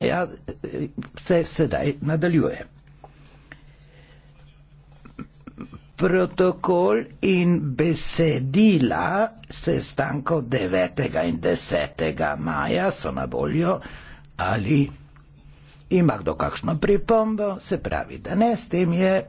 Ja, se sedaj nadaljuje. Protokol in besedila sestankov 9. in 10. maja so na voljo ali ima kdo kakšno pripombo, se pravi, da ne, s tem je